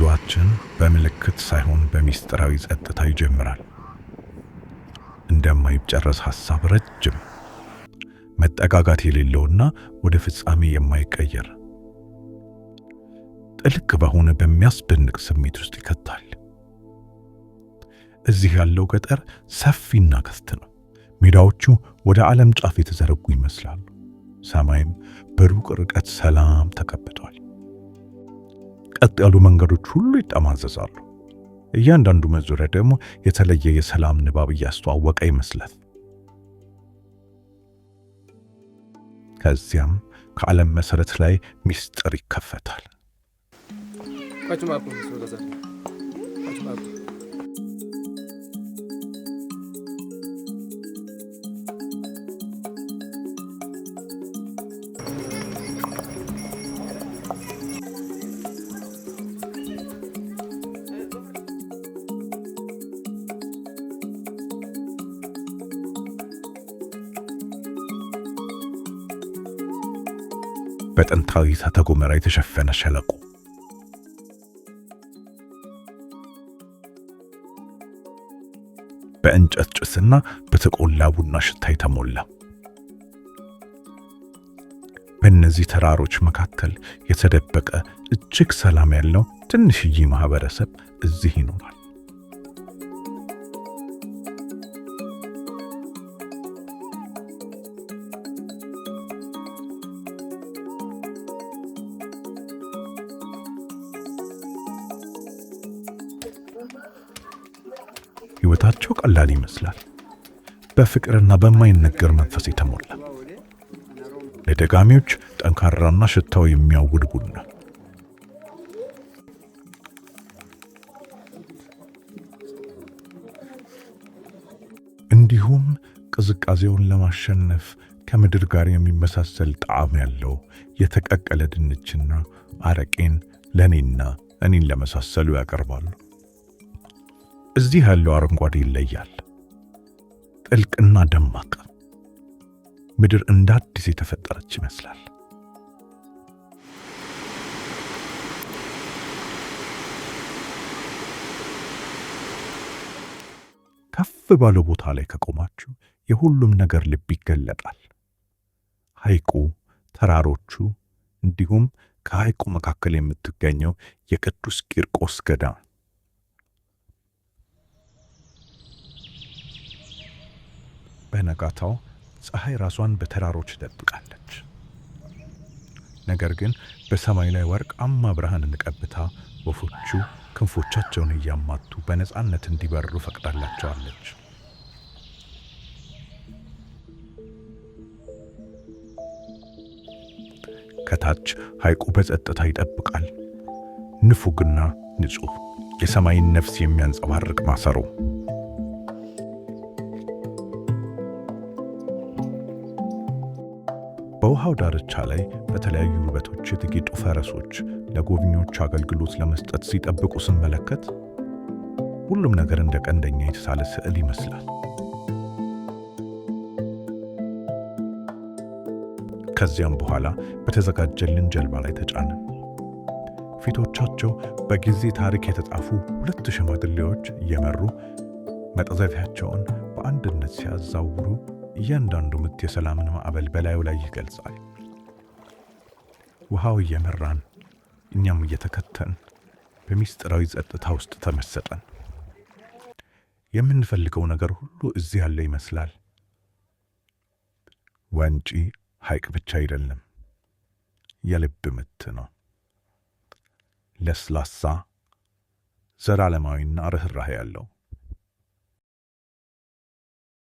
ጉዟችን በምልክት ሳይሆን በሚስጥራዊ ጸጥታ ይጀምራል። እንደማይጨረስ ሐሳብ፣ ረጅም መጠጋጋት የሌለውና ወደ ፍጻሜ የማይቀየር ጥልቅ በሆነ በሚያስደንቅ ስሜት ውስጥ ይከታል። እዚህ ያለው ገጠር ሰፊና ክፍት ነው። ሜዳዎቹ ወደ ዓለም ጫፍ የተዘረጉ ይመስላሉ። ሰማይም በሩቅ ርቀት ሰላም ተቀብቷል። ቀጥ ያሉ መንገዶች ሁሉ ይጠማዘዛሉ። እያንዳንዱ መዞሪያ ደግሞ የተለየ የሰላም ንባብ እያስተዋወቀ ይመስላል። ከዚያም ከዓለም መሰረት ላይ ምስጢር ይከፈታል። በጥንታዊ እሳተ ገሞራ የተሸፈነ ሸለቆ። በእንጨት ጭስና በተቆላ ቡና ሽታ የተሞላ በእነዚህ ተራሮች መካከል የተደበቀ እጅግ ሰላም ያለው ትንሽዬ ማህበረሰብ እዚህ ይኖራል። ሕይወታቸው ቀላል ይመስላል። በፍቅርና በማይነገር መንፈስ የተሞላ ለደጋሚዎች ጠንካራና ሽታው የሚያውድ ቡና እንዲሁም ቅዝቃዜውን ለማሸነፍ ከምድር ጋር የሚመሳሰል ጣዕም ያለው የተቀቀለ ድንችና አረቄን ለእኔና እኔን ለመሳሰሉ ያቀርባሉ። እዚህ ያለው አረንጓዴ ይለያል፣ ጥልቅና ደማቅ። ምድር እንደ አዲስ የተፈጠረች ይመስላል። ከፍ ባለው ቦታ ላይ ከቆማችሁ የሁሉም ነገር ልብ ይገለጣል። ሐይቁ፣ ተራሮቹ እንዲሁም ከሐይቁ መካከል የምትገኘው የቅዱስ ቂርቆስ ገዳም በነጋታው ፀሐይ ራሷን በተራሮች ደብቃለች። ነገር ግን በሰማይ ላይ ወርቃማ ብርሃንን ቀብታ ወፎቹ ክንፎቻቸውን እያማቱ በነፃነት እንዲበሩ ፈቅዳላቸዋለች። ከታች ሐይቁ በጸጥታ ይጠብቃል። ንፉግና ንጹሕ የሰማይን ነፍስ የሚያንጸባርቅ ማሰሮ በውሃው ዳርቻ ላይ በተለያዩ ውበቶች የተጌጡ ፈረሶች ለጎብኚዎች አገልግሎት ለመስጠት ሲጠብቁ ስመለከት ሁሉም ነገር እንደ ቀንደኛ የተሳለ ስዕል ይመስላል። ከዚያም በኋላ በተዘጋጀልን ጀልባ ላይ ተጫነ። ፊቶቻቸው በጊዜ ታሪክ የተጻፉ ሁለት ሽማግሌዎች እየመሩ መጠዘፊያቸውን በአንድነት ሲያዛውሩ እያንዳንዱ ምት የሰላምን ማዕበል በላዩ ላይ ይገልጻል። ውሃው እየመራን እኛም እየተከተን በሚስጥራዊ ጸጥታ ውስጥ ተመሰጠን። የምንፈልገው ነገር ሁሉ እዚህ ያለ ይመስላል። ወንጪ ሐይቅ ብቻ አይደለም፣ የልብ ምት ነው። ለስላሳ ዘላለማዊና ርኅራሄ ያለው